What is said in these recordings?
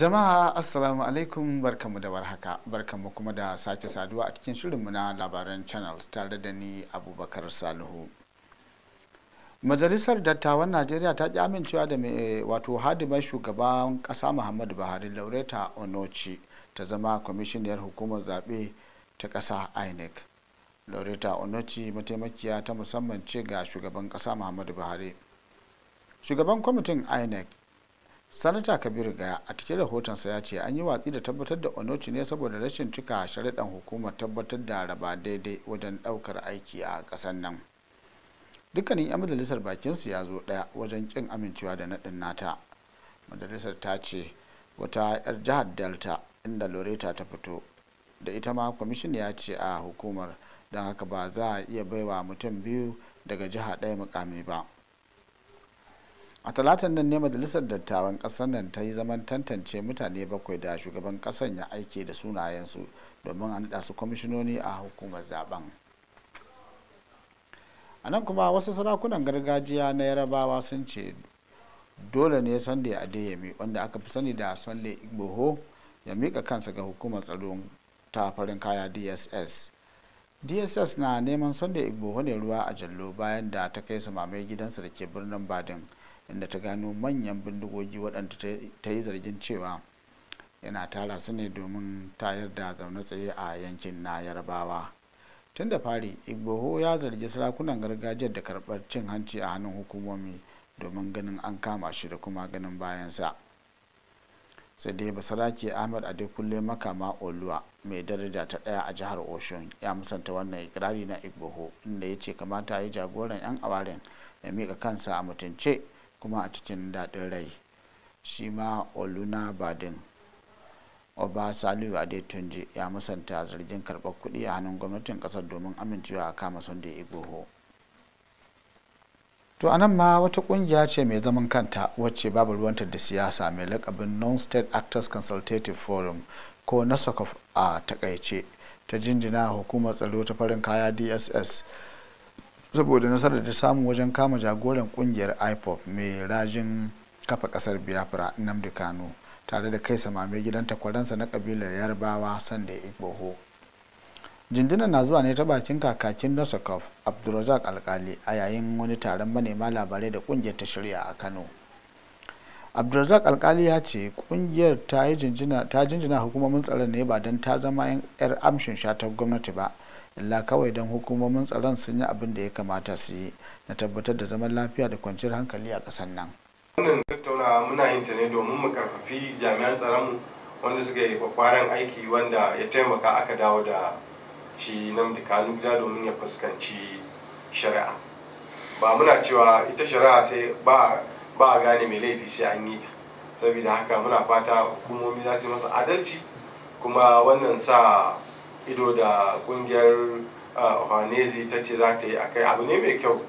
jama'a assalamu alaikum barkamu da warhaka barkamu kuma da sake saduwa a cikin shirinmu na labaran channel tare da ni abubakar salihu majalisar dattawan najeriya ta ki amincewa da mai wato hadimar shugaban kasa muhammadu buhari laureta onochi ta zama kwamishiniyar hukumar zaɓe ta ƙasa inec laureta onochi mataimakiya ta musamman ce ga shugaban ƙasa muhammadu buhari shugaban kwamitin inec sanata kabiru gaya a cikin rahotonsa ya ce an yi watsi da tabbatar da onoci ne saboda rashin cika sharaɗan hukumar tabbatar da raba daidai wajen ɗaukar aiki a ƙasar nan dukkanin 'yan majalisar bakinsu ya zo ɗaya wajen kin amincewa da naɗin nata majalisar ta ce wata 'yar jihar delta inda loreta ta fito da ita ma kwamishin ya ce a hukumar don haka ba za a iya baiwa mutum biyu daga jiha ɗaya mukami ba a talatan nan ne majalisar dattawan kasar nan ta yi zaman tantance mutane bakwai da shugaban kasan ya aike da sunayensu domin a naɗa su kwamishinoni a hukumar zaben a nan kuma wasu sarakunan gargajiya na yarabawa sun ce dole ne sunday adeyemi wanda aka fi sani da sunday igboho ya mika kansa ga hukumar tsaron ta farin kaya dss dss na neman sunday igboho ne ruwa a jallo bayan da ta kai samamai gidansa da ke birnin badin inda ta gano manyan bindigogi waɗanda ta yi zargin cewa yana tara su ne domin tayar da zaune tsaye a yankin na yarbawa tun da fari igboho ya zargi sarakunan gargajiyar da karɓar cin hanci a hannun hukumomi domin ganin an kama shi da kuma ganin bayansa sai dai basarake ahmed adekunle makama oluwa mai daraja ta ɗaya a jihar oshun ya musanta wannan ikirari na igboho inda ya ce kamata ya jagoran 'yan awarin ya miƙa kansa a mutunce kuma a cikin daɗin rai shi ma oluna badin oba saliu adetunji ya musanta zargin karɓar kuɗi a hannun gwamnatin ƙasar domin amincewa a kama da igoho to a nan ma wata ƙungiya ce mai zaman kanta wacce babu ruwanta da siyasa mai lakabin non-state actors consultative forum ko nasakof a takaice ta jinjina hukumar tsaro ta farin kaya dss saboda nasarar da samu wajen kama jagoran kungiyar ipop mai rajin kafa kasar biafra nnamdi kano tare da kai samame gidan takwaransa na kabilar yarbawa sanda igboho jinjina na zuwa ne ta bakin kakakin nasakof abdulrazak alkali a yayin wani taron manema labarai da kungiyar ta shirya a kano abdulrazak alkali ya ce kungiyar ta jinjina hukumomin tsaron ne ba don ta zama 'yan 'yar amshin sha ta gwamnati ba illa kawai don hukumomin tsaron sun yi abin da ya kamata su yi na tabbatar da zaman lafiya da kwanciyar hankali a ƙasar nan wannan tattaunawa muna yin ta ne domin mu karfafi jami'an tsaron wanda suka yi kwakwaran aiki wanda ya taimaka aka dawo da shi na kanu gida domin ya fuskanci shari'a ba muna cewa ita shari'a sai ba a gane mai laifi sai an yi ta saboda haka muna fata hukumomi za su masa adalci kuma wannan sa ido da kungiyar ohanezi ta ce za ta yi akai abu ne mai kyau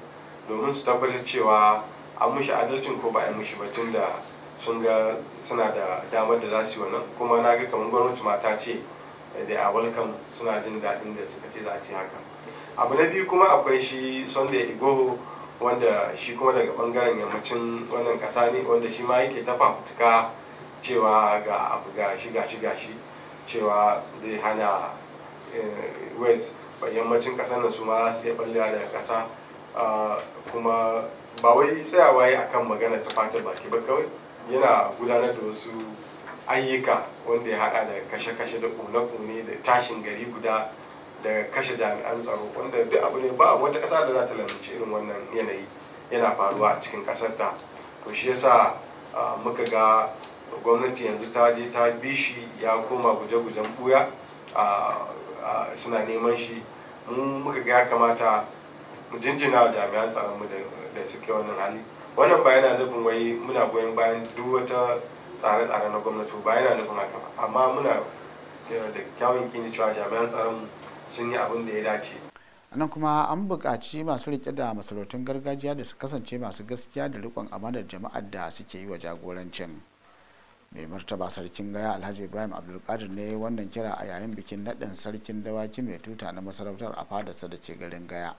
domin su tabbatar cewa an mushi adalcin ko ba a yi mushi ba tun da sun ga suna da damar da za su yi wannan kuma na ga kamar gwamnati mata ce da a walkan suna jin daɗin da suka ce za su yi haka abu na biyu kuma akwai shi sunday igbo wanda shi kuma daga bangaren yammacin wannan kasa ne wanda shi ma yake ta fafutuka cewa ga abu gashi gashi gashi cewa zai hana Eh, west yammacin kasar nan su ma su iya ballewa daga kasa ah, kuma ba wai tsayawa yi akan magana ta fata baki ba kawai yana gudanar da wasu ayyuka wanda ya hada da kashe-kashe da kone-kone da tashin gari guda da kashe jami'an tsaro wanda duk abu ne ba wata kasa da za ta lalace irin wannan yanayi yana faruwa a cikin kasar ta to shi yasa ah, muka ga gwamnati yanzu ta je ta bi shi ya koma guje-gujen buya a ah, suna neman shi mun muka ga kamata mu jinjina wa jami'an tsaron mu da suke wannan hali wannan ba yana nufin wai muna goyon bayan duk wata tsare-tsare na gwamnati ba yana nufin haka amma muna da kyawun kini cewa jami'an tsaron sun yi abin da ya dace nan kuma an buƙaci masu rike da masarautun gargajiya da su kasance masu gaskiya da riƙon amanar jama'ar da suke yi wa jagorancin mai martaba sarkin gaya alhaji ibrahim abdulkadir ne wannan kira a yayin bikin naɗin sarkin dawaki mai tuta na masarautar a fadarsa da ke garin gaya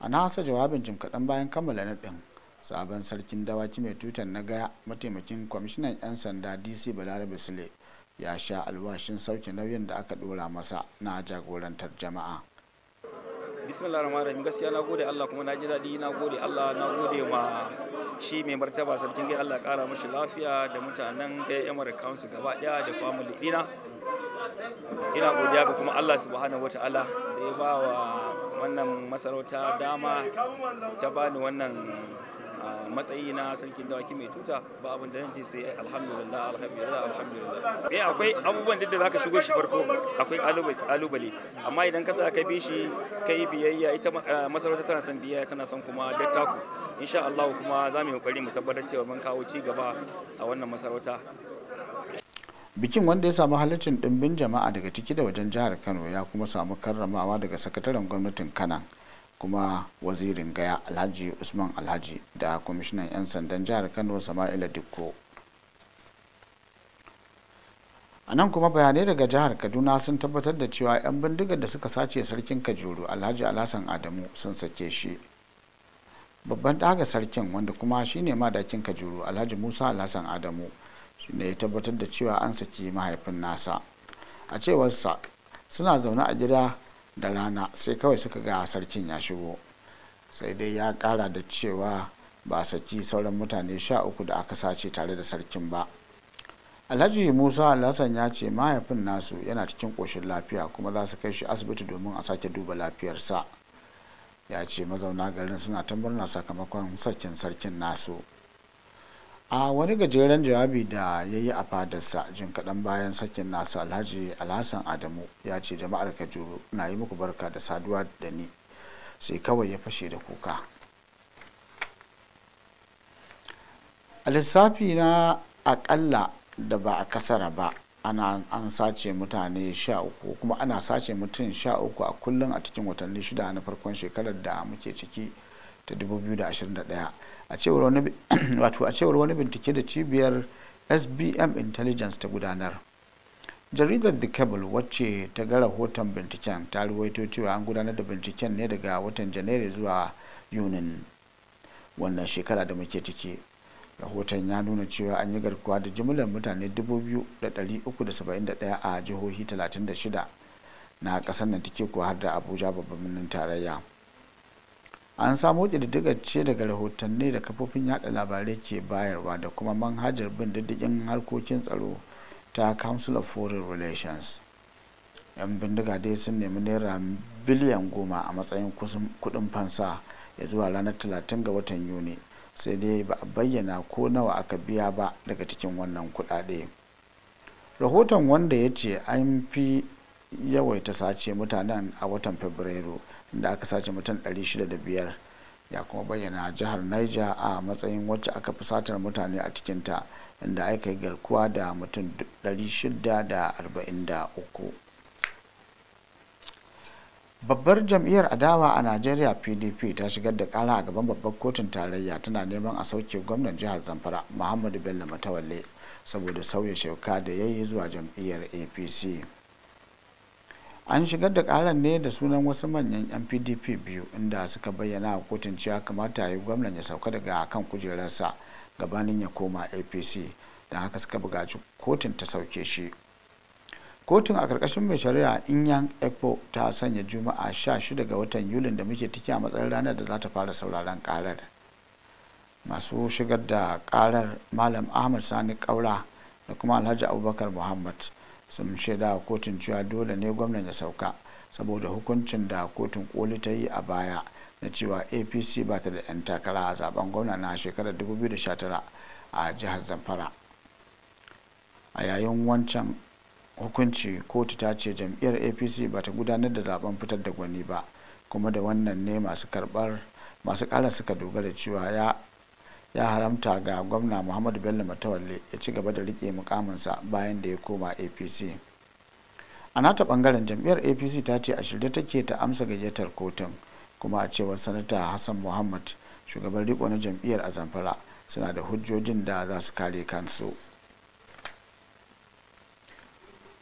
a nasa jawabin jim kaɗan bayan kammala naɗin sabon sarkin dawaki mai tutan na gaya mataimakin kwamishinan 'yan sanda dc balarabe sule ya sha alwashin sauke nauyin da aka ɗora masa na jagorantar jama'a bismillah rahman rahim gaskiya na gode Allah kuma na ji daɗi na gode Allah na gode ma shi mai martaba sarkin gai Allah ƙara mashi lafiya da mutanen gai emirate council gaba ɗaya da family ɗina ina godiya ga kuma Allah subhanahu wataala da ya ba wa wannan masarauta dama ta bani wannan a matsayi na sarkin dawaki mai tuta ba abin da ce sai alhamdulillah alhamdulillah alhamdulillah eh akwai abubuwan da zaka shigo shi farko akwai kalubale amma idan ka tsaya ka bi shi kai biyayya ita eh, masarauta tana son biyayya tana son kuma ku insha Allah kuma za mu yi kokari mu tabbatar cewa mun kawo ci gaba a wannan masarauta bikin wanda ya samu halittar dimbin jama'a daga ciki da wajen jihar kano ya kuma samu karramawa daga sakataren gwamnatin kanan kuma wazirin gaya alhaji usman alhaji da kwamishinan 'yan sandan jihar kano sama'ila dikko a nan kuma bayanai daga jihar kaduna sun tabbatar da cewa 'yan bindigar da suka sace sarkin kajuru alhaji alhassan adamu sun sake shi babban daga sarkin wanda kuma shine madakin kajuru alhaji musa alhassan adamu shine ya tabbatar da cewa an saki mahaifin nasa a cewarsa suna zaune a gida da rana sai kawai suka ga sarkin ya shigo sai dai ya kara da cewa ba saki sauran mutane sha uku da aka sace tare da sarkin ba alhaji musa alhassan ya ce mahaifin nasu yana cikin ƙoshin lafiya kuma za su kai shi asibiti domin a sake duba lafiyarsa ya ce mazauna garin suna tambar na sakamakon sakin sarkin nasu a wani gajeren jawabi da ya yi a fadarsa jin kaɗan bayan sakin nasa alhaji alhassan adamu ya ce jama'ar kajuru na yi muku barka da saduwa da ni sai kawai ya fashe da kuka a lissafi na akalla da ba a kasara ba ana an sace mutane sha uku kuma ana sace mutum sha uku a kullum a cikin watanni shida na farkon shekarar da muke ciki ta 2021 a cewar wani bincike da cibiyar SBM Intelligence ta gudanar jaridar the cable wacce ta ga rahoton binciken ta ruwaito cewa an gudanar da binciken ne daga watan janairu zuwa yunin wannan shekara da muke ciki rahoton ya nuna cewa an yi garkuwa da jimlar mutane 2,371 a jihohi 36 na kasar nan take kuwa har da abuja babban birnin tarayya an samu ƙididdigar daga rahotanni da kafofin yada labarai ke bayarwa da kuma manhajar bin diddigin harkokin tsaro ta council of foreign relations yan bindiga dai sun nemi naira biliyan goma a matsayin kudin fansa ya zuwa ranar 30 ga watan yuni sai dai ba a bayyana ko nawa aka biya ba daga cikin wannan kudade rahoton wanda ya ce an fi yawaita sace mutanen a watan fabrairu da aka sace mutum 605 ya kuma bayyana jihar niger a matsayin wacce aka fi satar mutane a cikinta inda aka yi garkuwa da mutum 643 babbar jam'iyyar adawa a nigeria pdp ta shigar da kara a gaban babbar kotun tarayya tana neman a sauke gwamnan jihar zamfara muhammadu bello matawalle saboda sauya shauka da ya yi zuwa jam'iyyar apc an shigar da karar ne da sunan wasu manyan yan pdp biyu inda suka bayyana a kotun cewa kamata ya yi gwamnan ya sauka daga kan kujerarsa gabanin ya koma apc don haka suka bugaci kotun ta sauke shi kotun a karkashin mai shari'a inyan ekpo ta sanya juma'a 16 ga watan yulin da muke tiki a matsayin ranar da za ta fara sauraron karar masu shigar da karar malam ahmad sani kaura da kuma alhaji abubakar muhammad sun shaida a kotun cewa dole ne gwamnan ya sauka saboda hukuncin da kotun koli ta yi a baya na cewa apc ba ta da 'yan takara a zaben gwamna na shekarar 2019 a jihar zamfara a yayin wancan hukunci kotu ta ce jam'iyyar apc ba ta gudanar da zaben fitar da gwani ba kuma da wannan ne masu karbar masu kara suka dogara cewa ya ya haramta ga gwamna muhammadu bello matawalle ya ci gaba da rike mukaminsa bayan da ya koma apc a nata bangaren jam'iyyar apc ta ce a shirye take ta amsa gayyatar kotun kuma a cewar sanata hassan muhammad shugaban riko na jam'iyyar a zamfara suna da hujjojin da za su kare kansu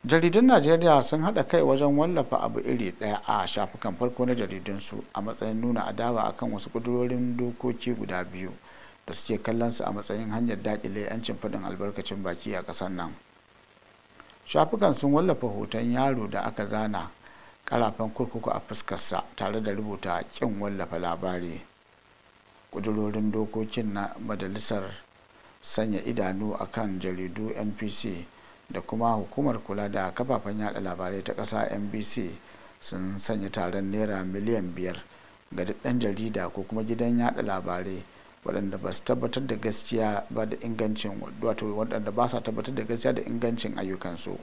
jaridun najeriya sun hada kai wajen wallafa abu iri daya a shafukan farko na jaridunsu a matsayin nuna adawa akan wasu ƙudurorin dokoki guda biyu da suke kallon su a matsayin hanyar dakile 'yancin faɗin albarkacin baki a ƙasar nan shafukan sun wallafa hoton yaro da aka zana ƙarafan kurkuku a fuskarsa tare da rubuta ƙin wallafa labari ƙudurorin dokokin na majalisar sanya idanu a kan jaridu npc da kuma hukumar kula da kafafen yada labarai ta ƙasa nbc sun sanya taron naira miliyan biyar ga duk ɗan jarida ko kuma gidan yada labarai waɗanda ba su tabbatar da gaskiya ba da ingancin wato waɗanda ba sa tabbatar da gaskiya da ingancin ayyukansu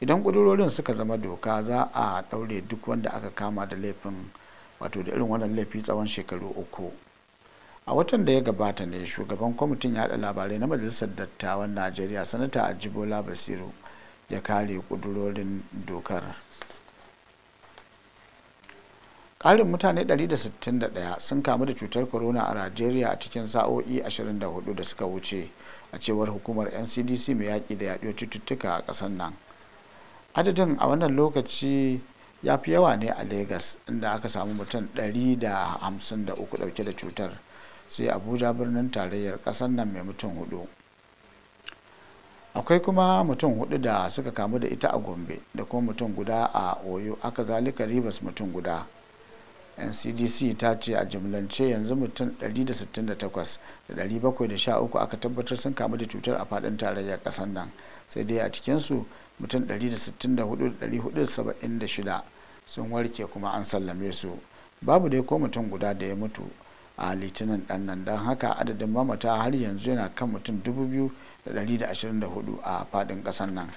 idan ƙudurorin suka zama doka za a ɗaure duk wanda aka kama da laifin wato da irin wannan laifi tsawon shekaru uku a watan da ya gabata ne shugaban kwamitin yaɗa labarai na majalisar dattawan najeriya sanata ajibola basiru ya kare ƙudurorin dokar karin mutane 161 sun kamu da cutar corona a najeriya a cikin sa'o'i 24 da suka wuce a cewar hukumar ncdc mai yaƙi da yaɗuwar cututtuka a ƙasar nan adadin a wannan lokaci ya fi yawa ne a lagos inda aka samu mutum 153 ɗauke da cutar sai abuja birnin tarayyar ƙasar nan mai mutum hudu akwai kuma mutum hudu da suka kamu da ita a gombe da kuma mutum guda a oyo aka zalika ribas mutum guda ncdc ta ce a jimlance yanzu mutum 168,713 aka tabbatar sun kamu da cutar a fadin tarayyar kasar nan sai dai a cikinsu mutum 164,476 sun warke kuma an sallame su babu dai ko mutum guda da ya mutu a litinin dan nan don haka adadin mamata har yanzu yana kan mutum 2,124 a fadin kasar nan.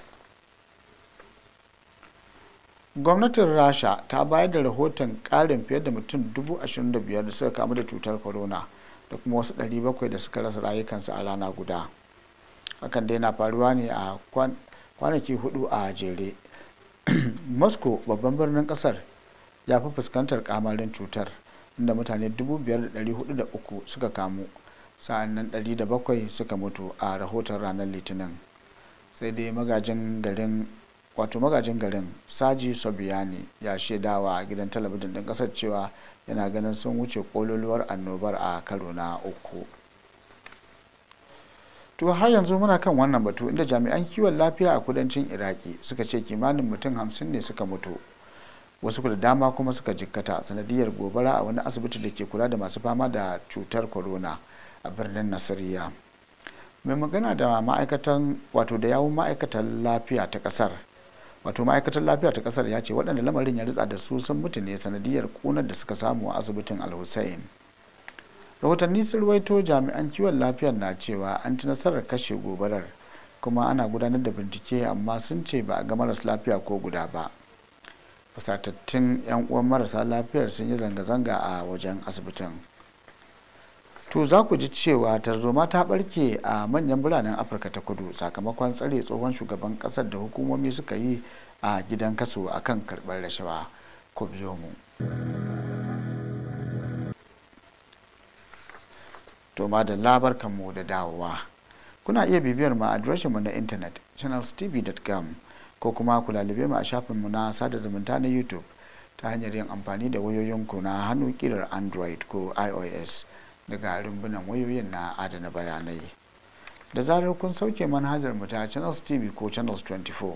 gwamnatin rasha ta bayar da rahoton karin fiye da mutum 25,000 da suka kamu da cutar corona da kuma wasu 700 da suka rasa rayukansu a rana guda hakan dai na faruwa ne a kwanaki hudu a jere moscow babban birnin kasar ya fi fuskantar kamarin cutar inda mutane 5,403 suka kamu sa'annan 700 suka mutu a rahoton ranar litinin sai dai magajin garin wato magajin garin saji sobiyani ya shaidawa a gidan talabijin ɗin ƙasar cewa yana ganin sun wuce kololuwar annobar a karo na uku to har yanzu muna kan wannan batu inda jami'an kiwon lafiya a kudancin iraki suka ce kimanin mutum hamsin ne suka mutu wasu da dama kuma suka jikkata sanadiyar gobara a wani asibiti da ke kula da masu fama da cutar corona a birnin nasiriya mai magana da ma'aikatan wato da yawun ma'aikatan lafiya ta kasar wato ma'aikatar lafiya ta kasar ya ce waɗanda lamarin ya ritsa da su sun mutu ne sanadiyar kunar da suka samu a asibitin al rahotanni sun ruwaito jami'an kiwon lafiyar na cewa an ci nasarar kashe gobarar kuma ana gudanar da bincike amma sun ce ba a ga maras lafiya ko guda ba fasatattun 'yan uwan marasa lafiyar sun yi zanga-zanga a wajen asibitin to za ku ji cewa tarzoma ta barke a manyan biranen afirka ta kudu sakamakon tsare tsohon shugaban kasar da hukumomi suka yi a gidan kaso akan karɓar rashawa ku biyo mu to da labar kanmu da dawowa kuna iya bibiyar mu a mu na intanet channelstv.com ko kuma ku lalube mu a shafinmu na sada zumunta na youtube ta hanyar yin amfani da wayoyinku na hannu kirar android ko ios daga rumbunan wayoyin na adana bayanai da zarar kun sauke manhajar mu ta channels tv ko channels 24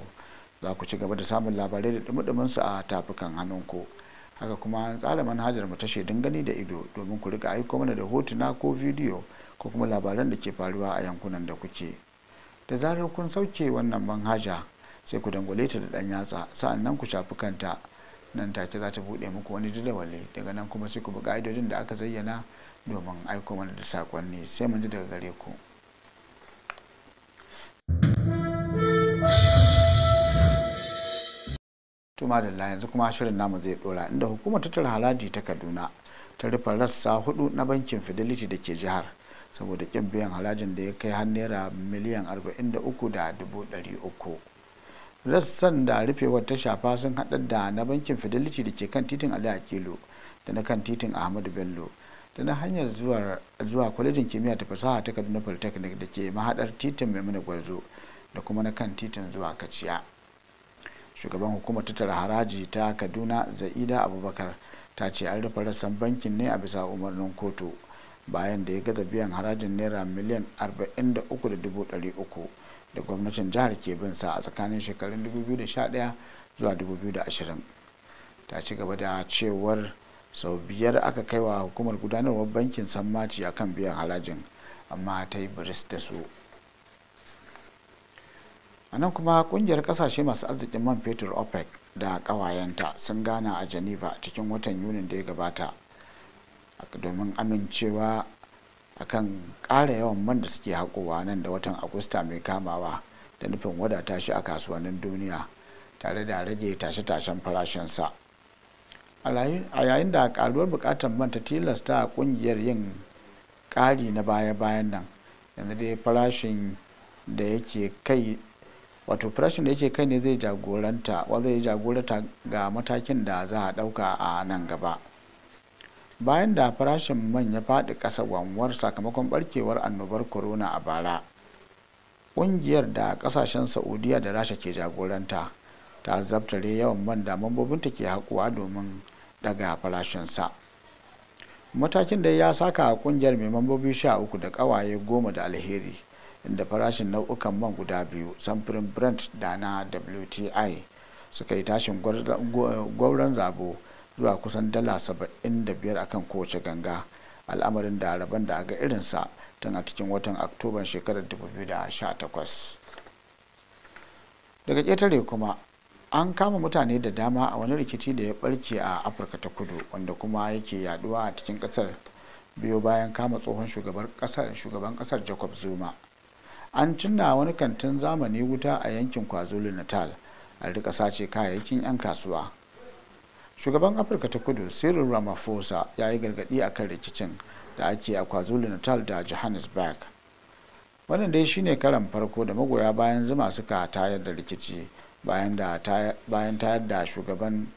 za ku ci gaba da samun labarai da dumudumin su a tafukan hannunku haka kuma an tsara manhajar mu ta din gani da ido domin ku rika aiko mana da hotuna ko video ko kuma labaran da ke faruwa a yankunan da kuke da zarar kun sauke wannan manhaja sai ku dangwale ta da ɗan yatsa sa'annan ku shafi kanta nan take za ta buɗe muku wani jadawali daga nan kuma sai ku bi idojin da aka zayyana domin aiko mana da sakonni sai mun ji daga gare ku. tuma da yanzu kuma shirin namu zai dora inda hukumar tattara haraji ta kaduna ta rufe rassa hudu na bankin fidelity da ke jihar saboda kin biyan harajin da ya kai har naira miliyan da uku. rassan da rufewar ta shafa sun hada da na bankin fidelity da ke kan titin ali akilu da na kan titin ahmadu bello da na hanyar zuwa kwalejin kimiyya ta fasaha ta kaduna polytechnic da ke mahadar titin maimuna gwarzo da kuma na kan titin zuwa kaciya shugaban hukumar tattara haraji ta kaduna za'ida abubakar ta ce an rufe rassan bankin ne a bisa umarnin kotu bayan da ya gaza biyan harajin naira miliyan 43,300 da gwamnatin jihar ke bin sa a tsakanin shekarun 2011 zuwa 2020 ta ci gaba da cewar sau biyar aka kai wa hukumar gudanarwar bankin sammaci a kan biyan harajin amma ta yi biris da su a nan kuma kungiyar kasashe masu arzikin man fetur opec da kawayenta sun gana a geneva cikin watan yunin da ya gabata domin amincewa akan ƙara yawan man da suke haƙowa nan da watan agusta mai kamawa da nufin wadata shi a kasuwannin duniya tare da rage tashe-tashen farashinsa a yayin da karuwar bukatar man ta tilasta kungiyar yin ƙari na baya-bayan nan yanzu dai farashin da yake kai wato farashin da yake kai ne zai jagoranta zai jagoranta ga matakin da za a ɗauka a nan gaba bayan da farashin man ya faɗi ƙasa wanwar sakamakon barkewar annobar corona a bara ƙungiyar da ƙasashen saudiya da rasha ke jagoranta ta zabtare yawan man da mambobinta ke haƙuwa domin daga farashinsa matakin da ya saka a ƙungiyar mai mambobi sha uku da ƙawaye goma da alheri inda farashin nau'ukan man guda biyu samfurin brent da na wti suka yi tashin gwauron zabo zuwa kusan dala 75 akan kowace ganga al'amarin da rabon da aga irinsa tun a cikin watan oktoban shekarar 2018 daga ƙetare kuma an kama mutane da dama a wani rikici da ya barke a afirka ta kudu wanda kuma yake yaduwa a cikin kasar biyo bayan kama tsohon shugaban ƙasar jacob zuma an cinna wani kantin zamani wuta a yankin kwazulu natal a rika sace kayayyakin 'yan kasuwa shugaban afirka ta kudu cyril ramaphosa ya yi gargadi a kan rikicin da ake a kwazulu natal da johannesburg wannan dai shine karan farko da magoya bayan zuma suka tayar da rikici bayan tayar da shugaban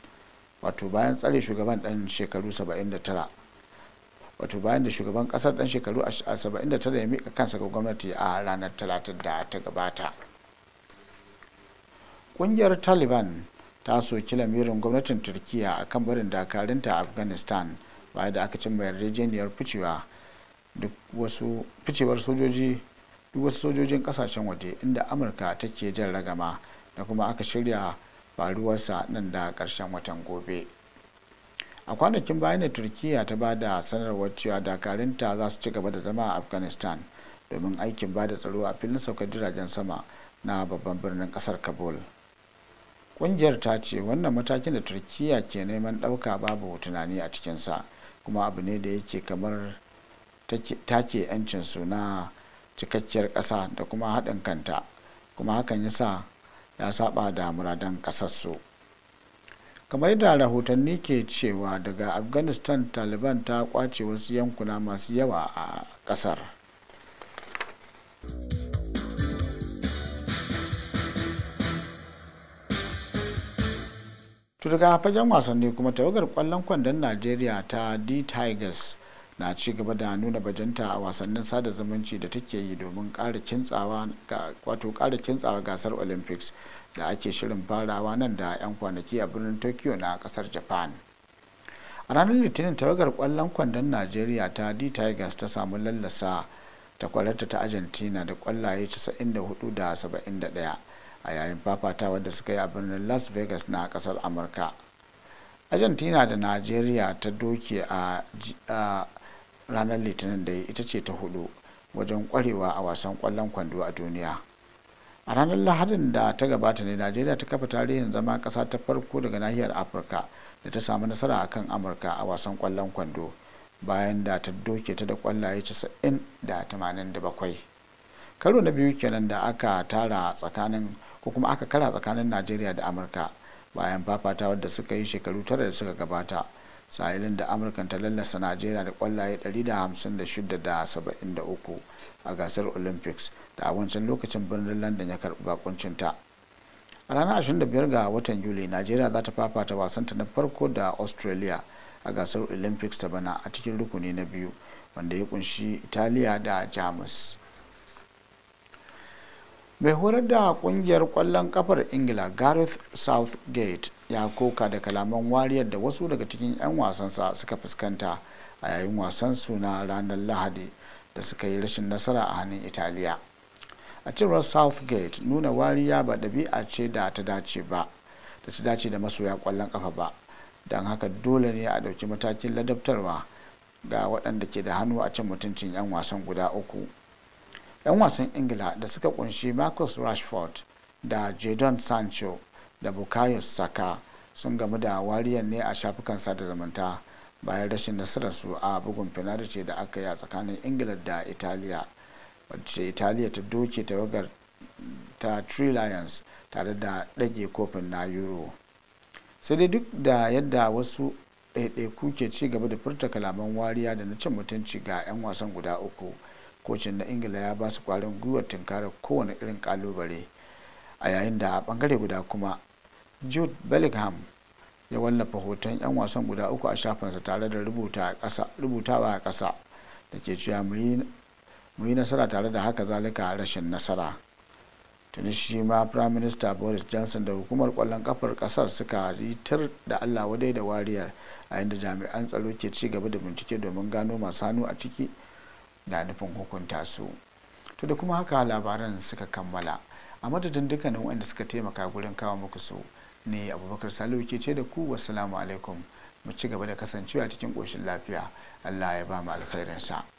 wato bayan tsare shugaban dan shekaru 79 wato bayan da shugaban kasar dan shekaru 79 ya mika kansa ga gwamnati a ranar talatin da ta gabata ƙungiyar taliban ta soki lamirin gwamnatin turkiya a kan barin dakarinta a afghanistan bayan da aka cimma yarjejeniyar ficewa duk ficewar sojoji duk wasu sojojin kasashen waje inda amurka take jan ragama da kuma aka shirya faruwarsa nan da karshen watan gobe a kwanakin bayan da turkiya ta ba da sanarwar cewa dakarinta za su ci gaba da zama a afghanistan domin aikin ba da tsaro a filin saukar jiragen sama na babban birnin kasar kabul kungiyar ta ce wannan matakin da turkiya ke neman ɗauka babu tunani a cikinsa kuma abu ne da yake kamar take yancin na cikakkiyar ƙasa da kuma haɗin kanta kuma hakan ya sa ya saba da muradan ƙasarsu kamar yadda rahotanni ke cewa daga afghanistan taliban ta kwace wasu yankuna masu yawa a ƙasar to daga fagen wasanni kuma tawagar kwallon kwandon najeriya ta d tigers na ci gaba da nuna bajanta a wasannin sada zumunci da take yi domin kara kintsawa gasar olympics da ake shirin farawa nan da 'yan kwanaki a birnin tokyo na kasar japan a ranar litinin tawagar kwallon kwandon najeriya ta d tigers ta samu lallasa takwararta ta argentina da kwallaye 94 da 71 a yayin fafata da suka yi a birnin las vegas na kasar amurka argentina da nigeria ta doke a ranar litinin da ita ce ta hudu wajen kwarewa a wasan kwallon kwando a duniya a ranar lahadin da ta gabata ne nigeria ta kafa tarihin zama kasa ta farko daga nahiyar afirka da ta samu nasara a kan amurka a wasan kwallon kwando bayan da ta doke ta da kwallaye 90 da 87 karo na biyu kenan da aka tara tsakanin ko kuma aka kara tsakanin najeriya da amurka bayan fafata wadda suka yi shekaru tara da suka gabata sahilin da amurkan ta lallasa najeriya da kwallaye 156 a gasar olympics da a wancan lokacin birnin london ya karbi bakuncinta a ranar 25 ga watan yuli najeriya za ta fafata wasanta na farko da australia a gasar olympics ta bana a cikin rukuni na biyu wanda ya kunshi italiya da jamus mai horar da kungiyar kwallon kafar ingila gareth southgate ya koka da kalaman wariyar da wasu daga cikin 'yan wasansa suka fuskanta a yayin wasan suna ranar lahadi da suka yi rashin nasara a hannun italiya a cewar southgate nuna wariya ba ɗabi'a ce da ta dace ba da ta dace da masoya kwallon kafa ba don haka dole ne a ɗauki matakin ladabtarwa ga waɗanda ke da hannu a cin mutuncin 'yan wasan guda uku 'yan wasan ingila da suka kunshi marcus rashford da jadon sancho da bukayo saka sun gamu da wariyar ne a shafukan sada zumunta bayan rashin su a bugun fenalti da aka yi a tsakanin ingila da italiya wacce italiya ta doke tawagar ta three lions tare da ɗage kofin na euro sai dai duk da yadda wasu ɗaiɗaiku ke ci gaba da furta kalaman wariya da na cin mutunci ga 'yan wasan guda uku kocin na ingila ya ba su kwarin gwiwar tunkarar kowane irin kalubale a yayin da a bangare guda kuma jude bellingham ya wallafa hoton 'yan wasan guda uku a shafinsa tare da rubutawa a ƙasa da ke cewa mu yi nasara tare da haka zalika rashin nasara tuni shi ma prime minister boris johnson da hukumar kwallon kafar kasar suka ritar da allah wadai da wariyar a inda jami'an tsaro ke ci gaba da bincike domin gano masu hannu a ciki na nufin hukunta su to da kuma haka labaran suka kammala a madadin dukkanin wanda suka taimaka gurin kawo muku su ne abubakar salihu ke ce da ku wasu alaikum mu ci gaba da kasancewa cikin ƙoshin lafiya allah ya ba mu alkhairinsa